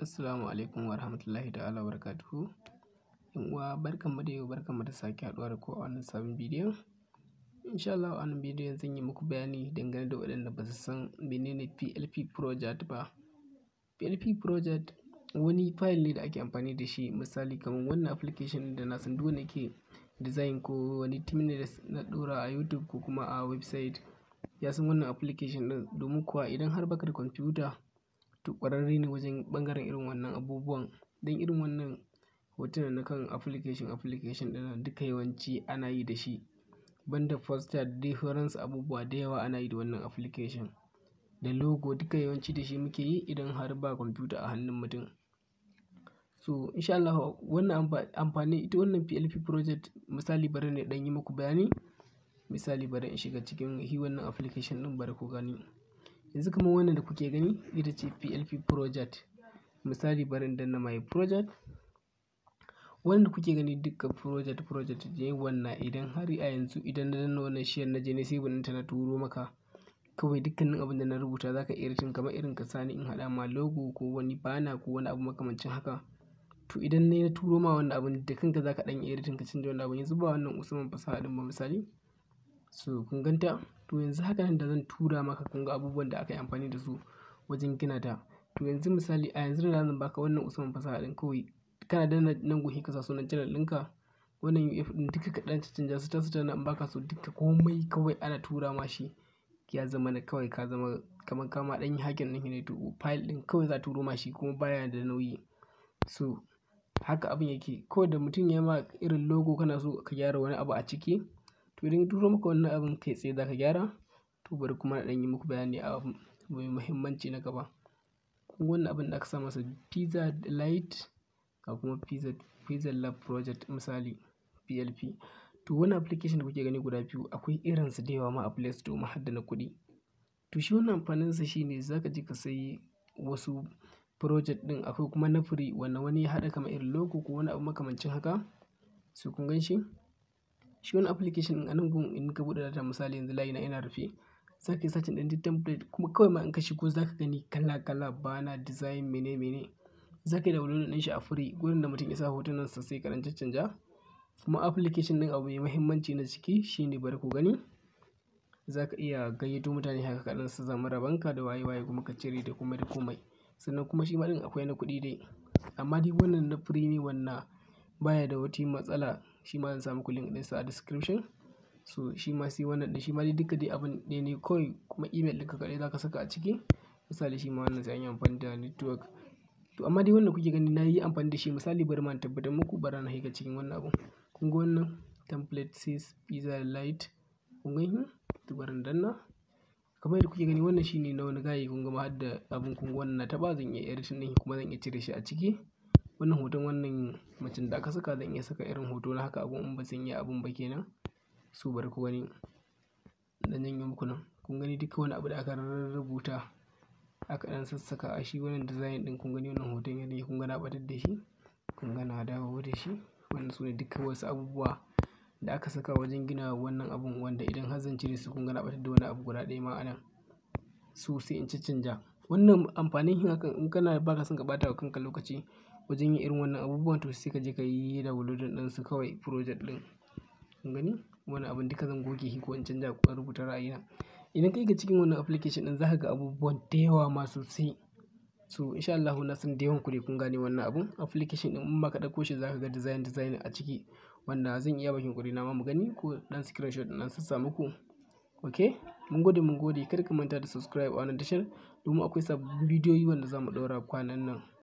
Assalamu alaikum wa rahmatullahi ta'ala wa barakatuhu. Yan uwa barkan mu da yau barkan mu da sake haɗuwa da ku a wannan sabon bidiyon. Insha Allah wannan bidiyon zan yi muku bayani dangane da waɗanda ba su san menene PLP project ba. PLP project wani file ne da ake amfani da shi misali kamar wannan application da na san duk wanda ke design ko wani team ne na ɗora a YouTube ko kuma a website ya san wannan application ɗin domin kuwa idan har baka da kwamfuta to ƙwararre ne wajen ɓangaren irin wannan abubuwan. Don irin wannan hotunan na kan application application ɗinnan duka yawanci ana yi da shi. Banda poster da dai abubuwa da yawa ana yi da wannan application. Da logo duka yawanci da shi muke yi idan har ba kwamfuta a hannun mutum. So in sha wannan amfani ita wannan PLP project misali bari ne ɗan yi muku bayani. Misali bari in shiga cikin hi wannan application ɗin bari ku gani. Yanzu kamar wannan da kuke gani ita ce PLP project. Misali bari da na my project. Wannan da kuke gani duka project project je wannan idan har a yanzu idan na danna wannan share na je ne sai ɗinta na turo maka kawai dukkanin abin da na rubuta zaka iya editing kamar irin ka sani in hada ma logo ko wani bana ko wani abu makamancin haka. To idan ne na turo ma wannan abin da kanka zaka ɗan iya editing ka canja wannan abin yanzu ba wannan Usman fasaha din ba misali. So kun ganta? To yanzu haka nan da zan tura maka kun ga abubuwan da aka yi amfani da su wajen gina ta. To yanzu misali a yanzu da zan baka wannan Usman fasaha din kawai kana da nan gun ka sa sunan channel linka wannan UF ɗin duka ka ɗan canja su ta su ta nan baka so duka komai kawai ana tura ma shi ya zama na kawai ka zama kamar kama dan yi hakin nan ne to file din kawai za turo ma shi kuma baya da nauyi. So haka abin yake kawai da mutum ya ma irin logo kana so ka gyara wani abu a ciki. To idan ya maka wannan abin kai tsaye zaka gyara. To bari kuma na ɗan yi muku bayani a abu mai muhimmanci na gaba. Kun wannan abin da aka sa masa Pizza light ga kuma Pizza, Pizza Lab Project misali PLP. To wannan application da kuke gani guda biyu akwai su da yawa ma a Play Store ma har da na kuɗi. To shi wannan sa shine zaka ji ka sai wasu project din akwai kuma na free wanda wani ya hada kamar irin logo ko wani abu makamancin haka. su kun gan shi? Shi wani application a nan gun in ka buɗe data misali yanzu layi na yana rufe, za ka yi searching ɗin duk template kuma kawai ma in ka shigo za ka gani kala kala, bana, design mene mene. Za ka yi downloading ɗin shi a free gurin da mutum ya sa hotunan sa sai ka canja? canja Kuma application ɗin abu mai muhimmanci na ciki shi ne bari ku gani. Za ka iya gayyato mutane haka ka ɗan su zama rabanka da waye waye kuma ka cire da komai da komai. Sannan kuma shi ma ɗin akwai na kuɗi dai. Amma dai wannan na free ne wannan baya da wata matsala. shi ma zan sa muku link ɗinsa a description. So shi ma sai wannan ɗin shi ma duka dai abin ne ne kawai kuma email ɗinka kaɗai za ka saka a ciki. Misali shi ma wannan sai an yi amfani da network. To amma dai wannan kuke gani na yi amfani da shi misali bari ma tabbatar muku bara na shiga cikin wannan abun. Kun ga wannan template says pizza light, kun gani? To bari na danna. Kamar yadda kuke gani wannan shine na wani gaye kun ga ma har da abun kun ga wannan na taɓa zan iya editing ɗin kuma zan iya cire shi a ciki. wannan hoton wannan macen da aka saka zan iya saka irin hoto na haka abun in ba zan iya abun ba kenan. su bar ku wani dan yin muku nan kun gani duka wani abu da aka rubuta aka ɗan sassaka a shi wannan design ɗin kun gani wannan hoton yadda kun gana na da shi kun gana na dawo da shi wannan su ne duka wasu abubuwa da aka saka wajen gina wannan abun wanda idan har zan cire su kun gana na da wani abu guda ɗaya ma anan su sai in caccanja. Wannan amfanin yin hakan in kana ba ka son ka bata wa kanka lokaci wajen yin irin wannan abubuwan to sai ka je ka yi downloading su kawai project din Kun gani? wani abun duka zan goge shi ko in canja ko rubuta rubuta na Idan kai ga cikin wannan application ɗin zaka ka ga abubuwan da yawa ma sosai. So in Allah na san da yawan ku dai kun gane wannan abun. Application ɗin in ba ka ɗauko shi za ga design design a ciki wanda zan iya bakin kuri na ma mu gani ko ɗan screenshot in nan sassa muku. Okay? Mun gode, mun gode. Kar ka manta da subscribe a wannan tashar domin akwai sabbin bidiyoyi wanda za mu ɗaura kwanan nan.